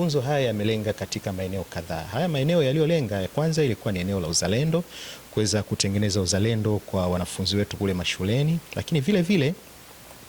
mafunzo haya yamelenga katika maeneo kadhaa. Haya maeneo yaliyolenga, ya kwanza ilikuwa ni eneo la uzalendo, kuweza kutengeneza uzalendo kwa wanafunzi wetu kule mashuleni, lakini vile vile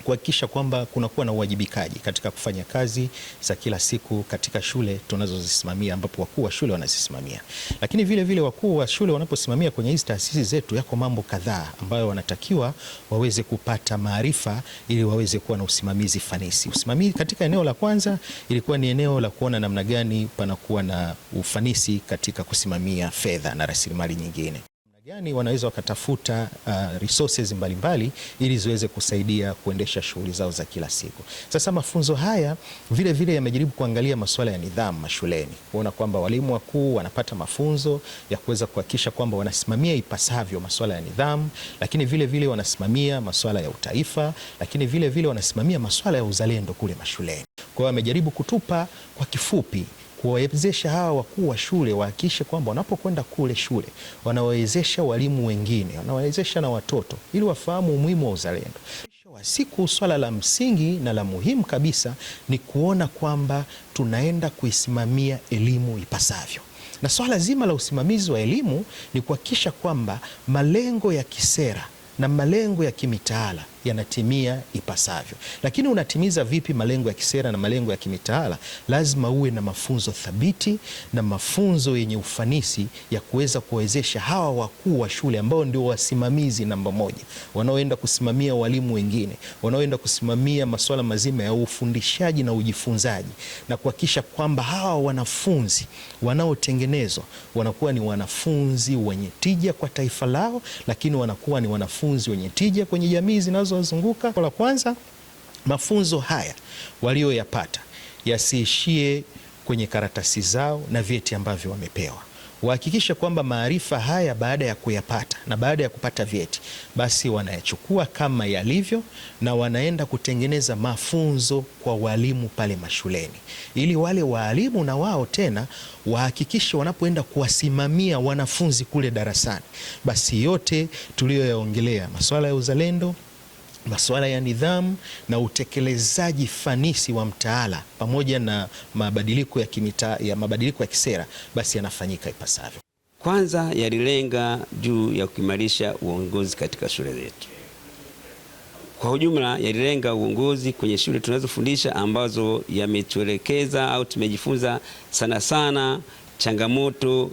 kuhakikisha kwamba kunakuwa na uwajibikaji katika kufanya kazi za kila siku katika shule tunazozisimamia ambapo wakuu wa shule wanazisimamia. Lakini vile vile wakuu wa shule wanaposimamia kwenye hizi taasisi zetu, yako mambo kadhaa ambayo wanatakiwa waweze kupata maarifa ili waweze kuwa na usimamizi fanisi. Usimamizi katika eneo la kwanza ilikuwa ni eneo la kuona namna gani panakuwa na ufanisi katika kusimamia fedha na rasilimali nyingine gani wanaweza wakatafuta uh, resources mbalimbali ili ziweze kusaidia kuendesha shughuli zao za kila siku. Sasa mafunzo haya vile vile yamejaribu kuangalia masuala ya nidhamu mashuleni, kuona kwamba walimu wakuu wanapata mafunzo ya kuweza kuhakikisha kwamba wanasimamia ipasavyo masuala ya nidhamu, lakini vile vile wanasimamia masuala ya utaifa, lakini vile vile wanasimamia masuala ya uzalendo kule mashuleni. Kwa hiyo wamejaribu kutupa kwa kifupi kuwawezesha hawa wakuu wa shule wahakikishe kwamba wanapokwenda kule shule wanawawezesha walimu wengine, wanawawezesha na watoto ili wafahamu umuhimu wa uzalendo. Siku swala la msingi na la muhimu kabisa ni kuona kwamba tunaenda kuisimamia elimu ipasavyo na swala zima la usimamizi wa elimu ni kuhakikisha kwamba malengo ya kisera na malengo ya kimitaala yanatimia ipasavyo. Lakini unatimiza vipi malengo ya kisera na malengo ya kimitaala? Lazima uwe na mafunzo thabiti na mafunzo yenye ufanisi ya kuweza kuwawezesha hawa wakuu wa shule ambao ndio wasimamizi namba moja, wanaoenda kusimamia walimu wengine, wanaoenda kusimamia masuala mazima ya ufundishaji na ujifunzaji na kuhakikisha kwamba hawa wanafunzi wanaotengenezwa wanakuwa ni wanafunzi wenye tija kwa taifa lao, lakini wanakuwa ni wanafunzi wenye tija kwenye jamii zinazo zinazozunguka. La kwanza, mafunzo haya walioyapata yasiishie kwenye karatasi zao na vyeti ambavyo wamepewa wahakikisha kwamba maarifa haya baada ya kuyapata na baada ya kupata vyeti basi wanayachukua kama yalivyo, na wanaenda kutengeneza mafunzo kwa walimu pale mashuleni, ili wale waalimu na wao tena wahakikishe wanapoenda kuwasimamia wanafunzi kule darasani, basi yote tuliyoyaongelea, masuala ya uzalendo masuala ya nidhamu na utekelezaji fanisi wa mtaala pamoja na mabadiliko ya kimita, ya mabadiliko ya kisera basi yanafanyika ipasavyo. Kwanza yalilenga juu ya kuimarisha uongozi katika shule zetu kwa ujumla, yalilenga uongozi kwenye shule tunazofundisha ambazo yametuelekeza au tumejifunza sana sana changamoto,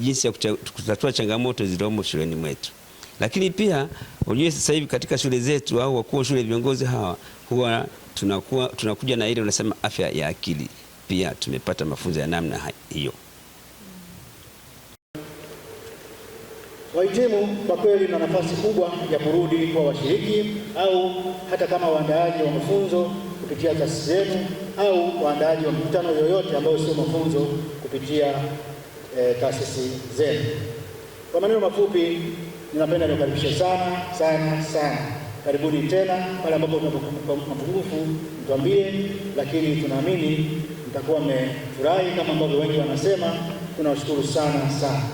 jinsi ya kutatua changamoto zilizomo shuleni mwetu. Lakini pia unajua sasa hivi katika shule zetu au wakuu wa shule viongozi hawa huwa tunakuwa tunakuja na ile unasema afya ya akili, pia tumepata mafunzo ya namna hiyo. Wahitimu kwa kweli na nafasi kubwa ya kurudi kwa washiriki au hata kama waandaaji wa mafunzo kupitia taasisi zenu au waandaaji wa mikutano yoyote ambayo sio mafunzo kupitia eh, taasisi zenu. Kwa maneno mafupi Ninapenda niwakaribishe sana sana sana, karibuni tena. Pale ambapo kuna mapungufu mtuambie, lakini tunaamini mtakuwa mmefurahi kama ambavyo wengi wanasema. Tunawashukuru sana sana.